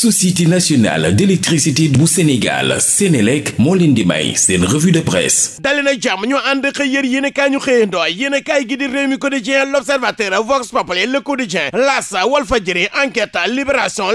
société nationale d'électricité bu Sénégal Sénélec moo leen di may seen revue de presse dali na jàmm ñu ànd xëy a kaay ñu xëyandoo yéen a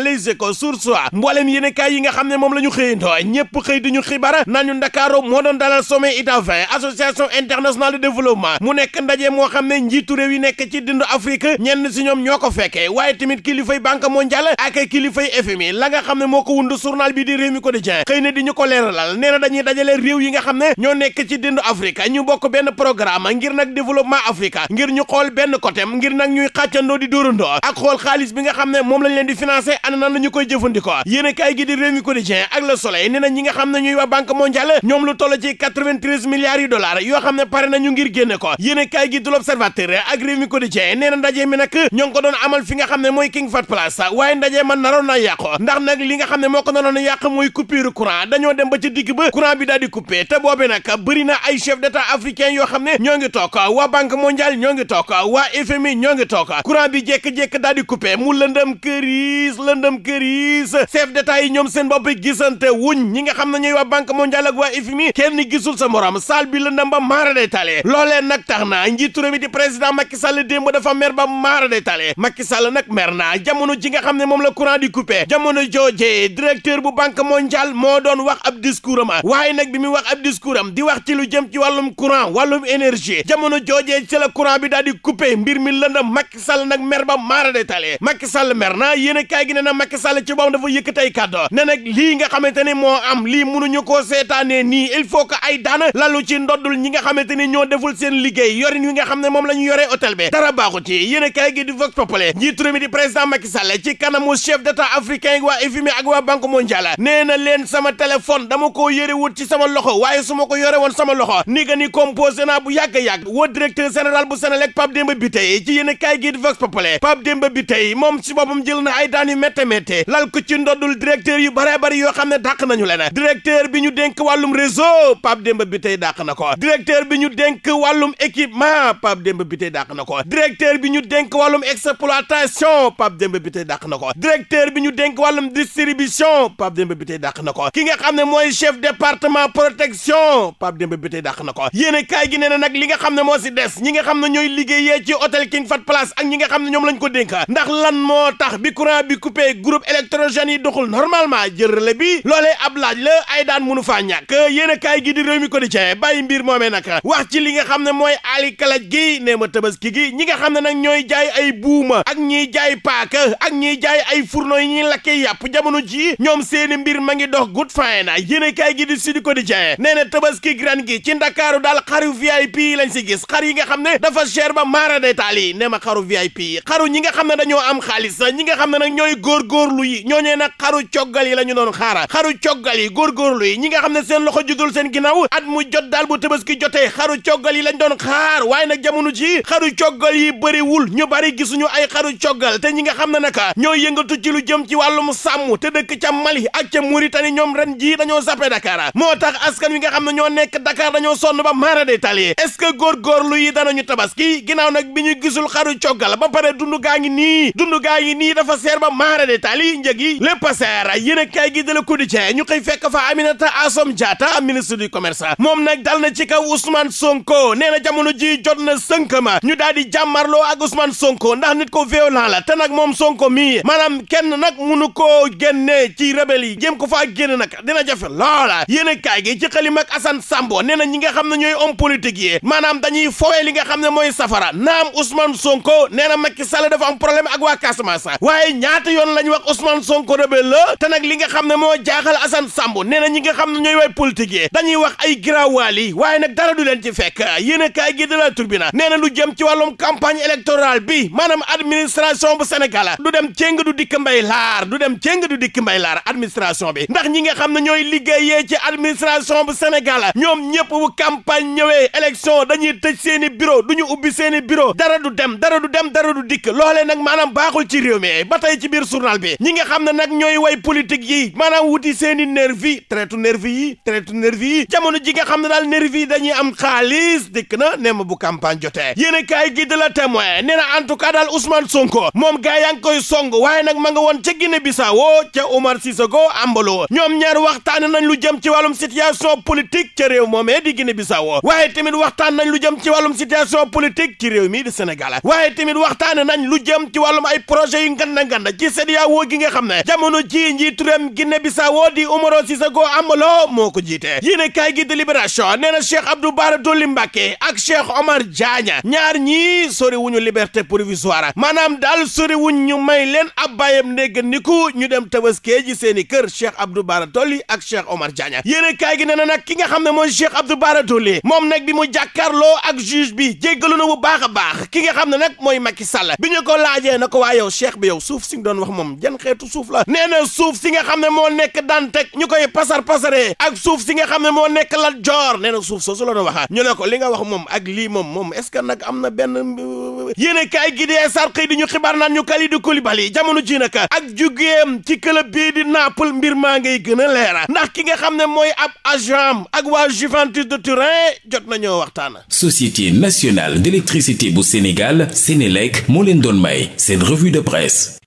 Les Échos Source A mbooleem yéen a kaay yi xam ne moom la ñu xëyandoo ñépp xëy di ñu xibaar naan ñu moo doon dalal sommet ITA 20 développement mu nekk ndaje moo xam ne njiitu réew yi nekk ci dindu Afrique ñenn si ñoom ñoo ko fekkee waaye tamit kilifay Banque mondiale ak kilifay FMI la nga xam ne moo ko wund journal bi di réew mi quotidien xëy na di ñu ko leeralal nee na dañuy dajale réew yi nga xam ne ñoo nekk ci dëndu Afrique ñu bokk benn programme ngir nag développement Afrique ngir ñu xool benn côté ngir nag ñuy xàccandoo di dóorandoo ak xool xaalis bi nga xam ne moom lañ leen di financé ana nan la ñu koy jëfandikoo yéen a kaay gi di réew mi quotidien ak le soleil nee na ñi nga xam ne ñuy waa banque mondiale ñoom lu toll ci 93 milliards yoo xam ne pare nañu ngir génne ko yéen a kaay gi du l'observateur ak réew mi quotidien nee na ndaje ngi ko doon amal fi nga xam ne mooy King Fahd Palace ndaje man naroon naa yàqu ndax nag li nga xam ne moo ko naroon a yàq mooy coupure dañoo dem ba ci digg ba courant bi daal di coupé te boobi nag bëri na ay chef d'état africain yoo xam ne ñoo ngi toog waa banque mondiale ñoo ngi toog waa FMI ñoo ngi toog courant bi jekk-jekk daal di coupé mu lëndëm këriis lëndëm këriis chef d'état yi ñoom seen bopp gisante wuñ ñi nga xam ne ñooy waa banque mondiale ak waa FMI kenn gisul sa morom saal bi lëndëm ba maara a tale loolee nag tax na njiitu réew mi di président Macky Sall démb dafa mer ba maara day tale Macky Sall nag mer na jamono ji nga xam ne moom la courant di coupé jamono joojee directeur bu banque mondiale moo doon wax ab discours am waaye nag bi muy wax ab discours am di wax ci lu jëm ci wàllum courant wàllum énergie jamono joojee ci la courant bi daal di coupé mbir mi lëndam Macky Sall nag mer ba maara de tale Macky Sall mer na yéen a kaay gi ne na Macky Sall ci boppam dafa yëkkatay kàddu ne nag lii nga xamante ne moo am lii mënuñu koo seetaanee nii il faut que ay daan lalu ci ndoddul ñi nga xamante ni ñoo deful seen liggéey yorin wi nga xam ne moom la ñu yoree hôtel bi dara baaxu ci yéen président Macky Sall ci kanamu chef d'état waa FMI ak waa banque mondiale nee na leen sama téléphone dama koo yëre wut ci sama loxo waaye su ma ko yore woon sama loxo ni ga ni composé naa bu yàgg yàgg woo directeur général bu Senelec Pape Demba Bitèye ci yéen a kaay gi di Vox Populi Pape Demba Bitèye moom ci boppam jël na ay daan yu métte métte lal ko ci ndoddul yu bare bari yoo xam ne dàq nañu leen directeur bi ñu denk wàllum réseau Pape Demba Bitèye dàq na ko directeur bi ñu dénk wàllum équipement Pape Demba Bitèye dàq na ko directeur bi ñu denk wàllum exploitation Pape Demba Bitèye dàq na ko directeur bi ñu dénk wàllum distribution Pape Demba Biteye dàq na ko ki nga xam ne mooy chef département protection Pape Demba Biteye dàq na ko yéen a kaay gi nee na nag li nga xam ne moo si des ñi nga xam ne ñooy liggéeyee ci hôtel King Fahd Palace ak ñi nga xam ne ñoom lañ ko dénk ndax lan moo tax bi courant bi coupé groupe électrogène yi doxul normalement jërële bi loolee ab laaj la ay daan munu faa ñàkk yéen a kaay gi di réew ko di cee bàyyi mbir moomee nag wax ci li tey yàpp jamono ji ñoom seeni mbir ma ngi dox good fine yéene kaay gi di Sud Quotidien nee na tabaski ren gi ci ndakaaru daal xaru VIP yi si gis xar yi nga xam ne dafa cher ba maara détaal nee ma xaru VIP xaru ñi nga xam ne dañoo am xaalis ñi nga xam ne na ñooy góor góorgóorlu yi ñooñee na xaru coggal yi la ñu doon xaara xaru coggal yi góorgóorlu yi ñi nga xam ne seen loxo judul seen ginnaaw at mu jot daal bu tabaski jotee xaru coggal yi lañ doon xaar waaye nag jamono ji xaru coggal yi bëriwul ñu bari gisuñu ay xaru coggal ñi nga xam ne am sàmm te dëkk ca Mali ak ca Mauritanie ñoom ren jii dañoo zappe Dakar moo tax askan wi nga xam ne ñoo nekk Dakar dañoo sonn ba maara de tali est-ce que góorgóorlu yi danañu tabaski ginnaaw nag bi ñu gisul xaru la ba pare dund gaa ngi nii dund gaa ngi nii dafa seer ba maara de tali njëg yi lépp a seer yéen a kaay gi de la quotidien ñu koy fekk fa Aminata Assom Diatta ministre du commerce moom nag dal na ci kaw Ousmane Sonko nee na jamono ji jot na sënkama ñu daal di jàmmarloo ak Ousmane Sonko ndax nit ko te nag moom Sonko mii ko génne ci rebelle yi jëm ko faa génne nag dina jafe loola yéen a kaay gi ci xalim ak Assane Sambo nee na ñi nga xam ne ñooy homme politique yi maanaam dañuy fowee li nga xam ne mooy safara naam Ousmane Sonko nee na Macky Sall dafa am problème ak waa Casamance waaye ñaata yoon lañ wax Ousmane Sonko rebelle la te nag li nga xam ne moo jaaxal Assane Sambo nee na ñi nga xam ne ñooy way politique yi dañuy wax ay giraawaal yi waaye nag dara du leen ci fekk yéen a kaay la nee na lu jëm ci wàllum campagne électorale bi maanaam administration bu Sénégal du dem céng du dikk mbay laar dem cénga du dikk mbay laara administration bi ndax ñi nga xam ne ñooy liggéeyee ci administration bu Sénégal ñoom ñëpp bu campagne ñëwee élection dañuy tëj seeni bureau du ñu ubbi seeni bureau dara du dem dara du dem dara du dikk loole nag maanaam baaxul ci réew mi ba tey ci biir journal bi ñi nga xam ne nag ñooy way politique yi maanaam wuti seeni nervi traitu nervi yi traitu nervi yi jamono ji nga xam ne daal nervi yi dañuy am xaalis dikk na nemm bu campagne jotee yéen kaay gi de la témoin nee na en tout cas daal Ousmane Sonko Bissau ca Umar Sissoco Ambalo ñoom ñaar waxtaan nañ lu jëm ci wàllum situation politique ca réew moomee di Guinée Bissau waaye tamit waxtaan nañ lu jëm ci wàllum situation politique ci réew mi di Sénégal waaye tamit waxtaan nañ lu jëm ci wàllum ay projet yu nganda-nganda e e nga xam ne jamono ji njiitu réewum Guinée Bissau di Umaro Sissoco moo ko jiite yéene kaay gi de ne nee na Cheikh Abdou Bara Dolly Mbacké ak Cheikh Omar ñaar ñii sori wuñu liberté provisoire maanaam daal sori wuñ ñu may leen ab bàyyam ndégg niku ñu dem tabaskee ji seen i kër Cheikh Abdou Bara Dolly ak Cheikh Omar Diagne yéene kaay gi nee na nag ki nga xam ne mooy Cheikh Abdou Bara Dolly moom nag bi mu jàkkaarloo ak juge bi jéggalu na bu baax a baax ki nga xam ne nag mooy Macky Sall bi ñu ko laajee na ko waa yow Cheikh bi yow suuf si nga doon wax moom jan xeetu suuf la nee na suuf si nga xam ne moo nekk dante ñu koy pasar pasaree ak suuf si nga xam ne moo nekk Lat Joor nee na suuf soosu la doon ñu ne ko li nga wax moom ak lii moom moom est-ce nag am na benn yéen a kaay gi dee sar xëy ñu xibaar naan ñu Kalidou Koulibaly jamono ji naka ak jugeem ci club bii di Naples mbir maa ngay gën a leera ndax ki nga xam ne mooy ab agent ak waa Juventus de Turin jot nañoo waxtaan. Société nationale d'électricité bu Sénégal Sénélec moo leen doon may seen revue de presse.